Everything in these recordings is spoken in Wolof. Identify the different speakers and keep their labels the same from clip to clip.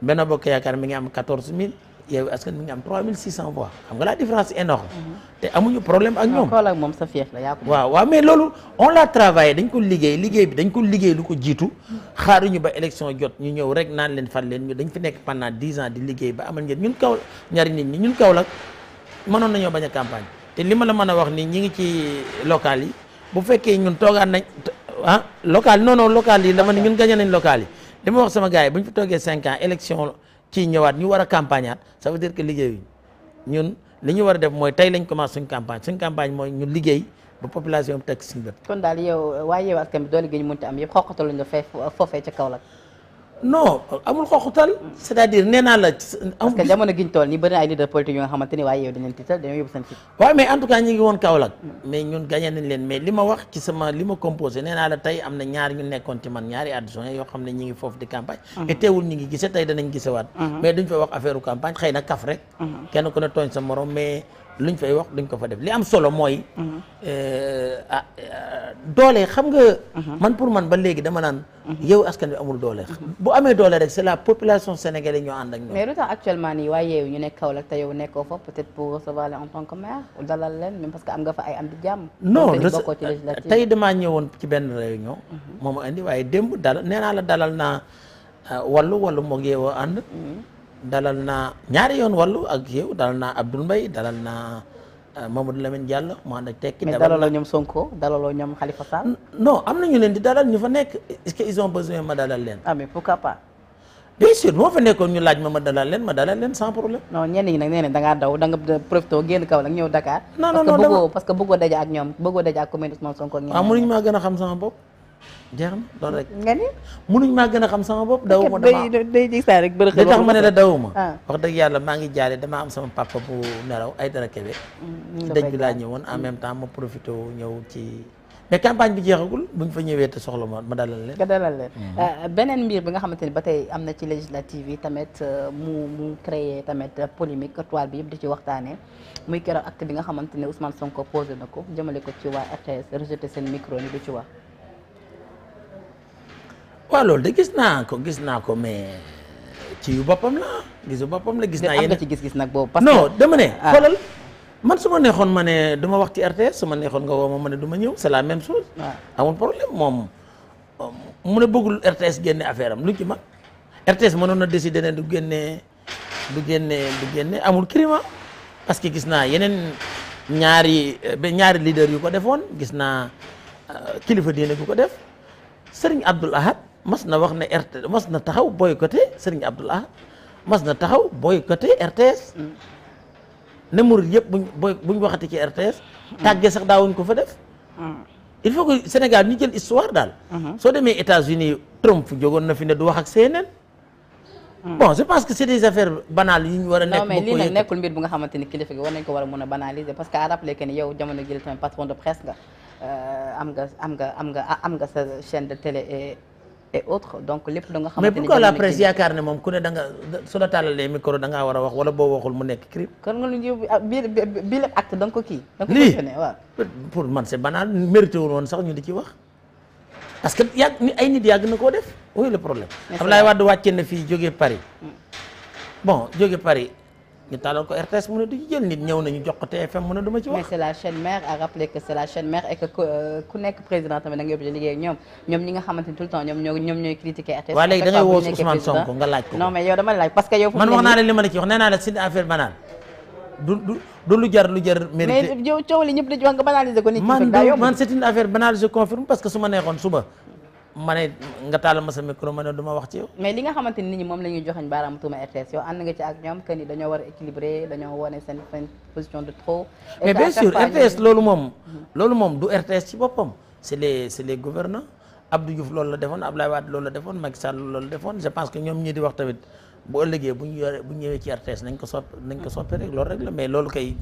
Speaker 1: Benno Bokk Yaakaar mi ngi am 14000 Yewwi Askan mi ngi am 3600 voix xam nga la différence énorme mhm. te amuñu problème ak ñoom
Speaker 2: ah, moom sa fief la waaw
Speaker 1: waaw mais loolu on l'a travaillé dañ ko liggéey liggéey bi dañ ko liggéey lu ko jiitu xaaruñu ba élection jot ñu ñëw rek naan leen far leen ñu dañ fi nekk pendant 10 ans di liggéey ba amal ngeen ñun kaw ñaari nit ñi ñun kaw la mënoon nañoo bañ a campagne te li ma la man a wax ni ñi ngi ci local yi bu fekkee ñun toogaan nañ ah local non non local yi dama ne ñun gagné nañ local yi li ma wax sama gars yi bu ñu fa toogee cinq ans élection ci ñëwaat ñu war a campagne aat ça veut dire que li ñu war a def mooy tey lañ commencé suñ campagne suñ campagne mooy ñu liggéey ba population bi teg suñu
Speaker 2: bët daal yow waaye yow askan bi doole gi ñu am yëpp xoqatal lañ la fee foofee ca Kaolack non amul xoxutal c'est-à-dire nee naa la. parce que jamono gi ñu toll nii bëri na ay leader nga xamante waaye yow dinañ tiital
Speaker 1: dañoo ma wax ci sama li ñaar ñu nekkoon ci man ñaari adjoint yoo xam ne ñi ngi foofu di campagne. Mhm. et teewul ñi gise tey danañ gisewaat. Mhm. mais duñ fa wax affaire campagne xëy na kaf rek. Mhm. kenn ku ne tooñ sa morom mais. luñ fay wax luñ ko fa def li am solo mooy. Mhm. Euh, ah euh, doole xam nga. Mhm. man pour man ba léegi dama naan. Mhm. yow askan bi amul doole. bu amee doole rek c'est la population sénégalaise ñoo ànd ak ñoom. mais
Speaker 2: lu actuellement nii waaye yow ñu nekk Kaolack te yow nekkoo fa peut-être pour recevoir leen en tant que maire dalal parce que am nga fa ay am di jàmm. non tey
Speaker 1: damaa ñëwoon ci benn réunion. moom a indi waaye démb dalal nee naa la dalal naa euh, wallu wàllu moog yeewoo ànd. dalal naa ñaari yoon wàllu ak yow dalal naa Abdoul Mbaye dalal naa euh, Mamadou Lamine Diallo mu ànd ak tekki. Sonko dalaloo ñoom Khalifa Sall. am na ñu leen di dalal ñu fa nekk est que ils ont ah, ma dalal leen. ma dalal leen ma leen sans
Speaker 2: problème. non ñenn ñi na da daw da nga profité génn kaw nag ñëw Dakar. non non non parce que bëggoo parce que bëggoo daje ak ñoom a xam sama bopp. jeex na
Speaker 1: loolu rek. nga ni munuñ maa gën a xam sama bopp
Speaker 2: daw ma damaa
Speaker 1: day rek bërëq li tax ma ne la daw ma. Ah. wax dëgg yàlla maa ngi jaaree damaa am sama papa bu nelaw ay dara kebe. Mm, mm, ci bi laa ñëwoon en mm. même temps ma profité ñëw ci. mais campagne bi jeexagul buñ fa ñëwee te soxla ma ma dalal leen. nga dalal leen. Euh,
Speaker 2: beneen mbir bi nga xamante ni ba tey am na ci législative yi tamit euh, mu mu créer tamit polémique toile bi yëpp di ci waxtaanee muy keroog acte bi nga xamante ne Ousmane Sonko posé na ko jëmale ko ci waa RTS rejeté seen micro ni ci wax.
Speaker 1: waaw loolu de gis naa ko gis naa ko mais ci yu boppam la gisu boppam la gis naa yéen ci
Speaker 2: gis-gis nag boobu parce que
Speaker 1: dama ne ah. xoolal man su ma neexoon ma ne du ma wax ci RTS su ma neexoon nga woo ma ne du ñëw c'est la même chose ah. amul problème moom mu ne bëggul RTS génne affaire am lu ci mag RTS mënoon na décider ne du génne du génne du génne amul crime ah. parce que gis naa yeneen ñaari ñaari leader yu ko defoon gis naa euh, kilifa diine yu ko def Serigne Abdoul Ahad mas na wax ne RT mas na taxaw boycotté Serigne Abdoul Ahad mas na taxaw boycotté RTS ne murid yëpp buñ boy buñ waxati ci RTS. tàggee sax daawuñ ko fa def. il faut que Sénégal ñu jël histoire daal. soo demee États-Unis Trump jógoon na fi ne du wax seeneen
Speaker 2: CNN. bon je pense
Speaker 1: que c' des affaires banales yi ñu war a nekk non mais lii
Speaker 2: nga xamante ni kilifa gi war nañ ko war a mën a banaliser parce que à rappeler que ni yow jamono jël tamit patron de presse euh, nga am nga am nga am am nga sa chaîne de télé et autres donc lépp da nga xamante
Speaker 1: ne moom ku ne da la tàllalee micro da war a wax wala boo waxul mu nekk crime kon nga lu ñu bi bi acte da ko kii da nga ko questionné waaw pour man c'est banal mérité wul woon sax ñu di ci wax parce que yàgg ni ay nit yàgg na koo def oui le problème Abdoulaye Wade wàcce na fii jóge Paris mm. bon jóge Paris ñu taalal ko RTS mu ne du ñu jël nit ñëw nañu jox ko
Speaker 2: TFM mu ne du ma ci wax. mais la chaîne mère à rappeler que c'est la chaîne mère et euh, ku nekk président tamit da ngay obligé liggéey ak ñoom ñi nga xamante ni tout le temps ñoom ñoo nga laaj ko. non mais yow dama laaj parce que yow. man
Speaker 1: naa la li affaire banaan du lu jar lu jar. mérité
Speaker 2: man man
Speaker 1: affaire banale je confirme parce su ma neexoon suba ma ne nga tàllal ma sa micro ma ne du wax ci yow.
Speaker 2: mais li nga xamante ni nit ñi moom la ñuy joxeñ baaraamu tuuma RTS yow ànd nga ci ak ñoom que dañoo war a équilibrer dañoo wane seen seen position de trop. mais bien sûr RTS loolu moom. Mhm.
Speaker 1: loolu moom du RTS ci boppam c' est les c' est les gouvernants loolu la defoon Abdoulaye Wade loolu la defoon Macky Sall loolu la defoon je pense que ñoom ñi di wax tamit bu ëllëgee bu ñu yore bu ñëwee ci RTS nañ ko soppi nañ ko soppi rek loolu rek la mais loolu kay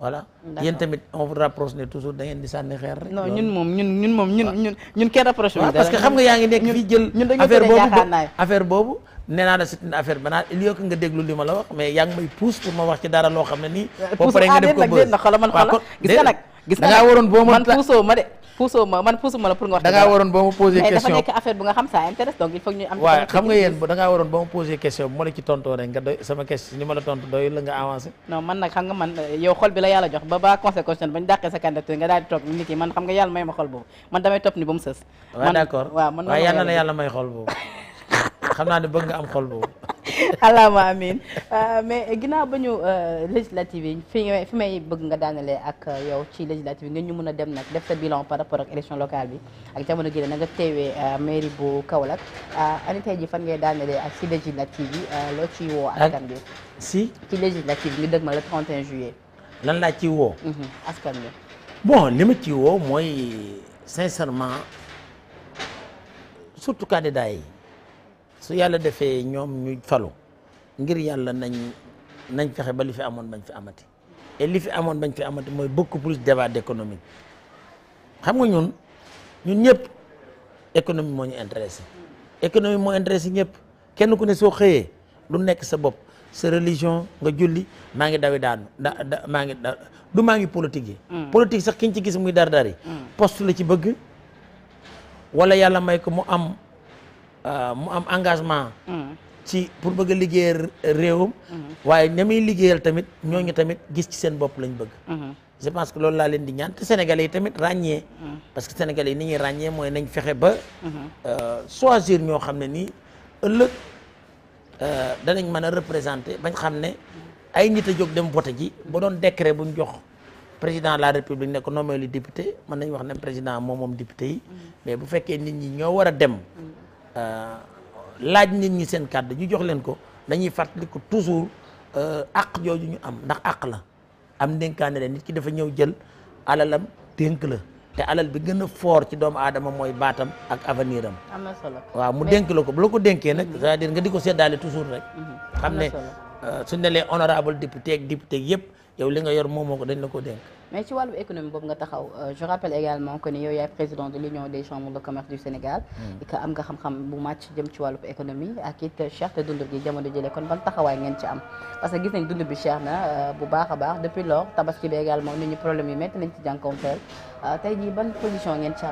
Speaker 1: voilà yéen tamit on vous rapproche ne toujours da di sànni xeer rek. ñun moom ñun
Speaker 2: ñun moom ñun ñun ñun kenn rapproche bi. parce que xam nga yaa ngi nekk fii jël. ñun dañoo affaire boobu
Speaker 1: affaire boobu. nee naa la c'est une affaire banale nga déglu li ma la wax mais yaa ngi may pousse pour ma wax ci dara loo xam ne nii.
Speaker 2: Euh, boo paree nga def ko gis nga gis nga da ngaa waroon boo ma man puusoo ma de puusoo question bu nga xam
Speaker 1: rek nga doy sama question ni ma la tontu doy la nga avancé.
Speaker 2: non man nag xam nga man euh, yow xol bi la jox ba ba conséquence bañ nga daal di nit yi man xam nga yàlla may ma xol boobu man damay topp ni ba sës. waaw d'accord waaw man waaye yàlla na yàlla
Speaker 1: may xol boobu xam naa ne bëgg nga am xol boobu
Speaker 2: alaama amiin euh, mais ginnaaw ba ñu euh, législative yi fi fi may bëgg nga daanalee ak euh, yow ci législative yi nga ñu mën a dem nag def sa bilan par rapport ak élection locale bi ak jamono gi na nga teewee mairie bu Kaolack ani tey ji fan ngay daanalee ak si législative yi loo ciy woo askan si ci législative bi ñu dëgg ma le 31 juillet
Speaker 1: lan laa ciy woo
Speaker 2: mhm, askan bi
Speaker 1: bon li ma ciy woo mooy sincèrement surtout candidat yi su yàlla defee ñoom ñu falu ngir yàlla nañ nañ fexe ba li fi amoon bañ fi amati li fi amoon bañ fi amati mooy beaucoup plus débat d'économie xam nga ñun ñun ñëpp économie moo ñu intéressé économie moo intéressé ñëpp kenn ku ne soo xëyee lu nekk sa bopp sa religion nga julli maa ngi dawi daanu da da maa ngi da du maa ngi politique yi mm. politique sax kiñ gis muy dar dar yi mm. ci bëgg wala yàlla may ko mu am Euh, mu am engagement. Mm. ci pour bëgg a liggéeyal mm-hmm. waaye ne muy liggéeyal tamit ñooñu tamit gis ci seen bopp lañ bëgg. Mm-hmm. je pense que loolu laa leen di ñaan te sénégalais yi tamit ràññee. Mm-hmm. parce que sénégalais yi ni ñuy ràññee mooy nañ fexe ba. Euh, choisir ñoo xam ne nii ëllëg euh, danañ mën a représenter bañ xam ne ay nit a jóg dem vote ji ba doon décret bu ñu jox. président de la république ne ko nommé lu député mën nañ wax ne président moom moom député yi mais bu fekkee Euh, laaj nit ñi seen kàddu ñu jox leen ko dañuy fàttaliku toujours euh, àq jooju ñu am ndax àq la am ndénkaane la nit ki dafa ñëw jël alalam dénk la te alal bi gën a foor ci doomu aadama mooy baatam ak avenir am. na solo waaw mu denk la ko bu la ko denkee nag mm-hmm. c'est-à-dire nga di ko seddaale toujours rek. Mm-hmm. xam ne euh, suñ ne lee honorable député ak député yëpp. yow li nga yor moomoo ko dañ la ko dénk.
Speaker 2: mais ci wàllu économie boobu nga taxaw euh, je rappelle également que yow yaay président de l'union des chambres de commerce du Sénégal. Hmm. et que am nga xam-xam bu màcc jëm ci wàllu économie ak it euh, cher te dund gi jamono kon ban taxawaay ngeen ci am parce que gis nañ dund bi cher na euh, bu baax a baax depuis lors tabaski bi également nit ñi problème yi métti nañ ci jànkuwanteel tey jii ban position ngeen ci am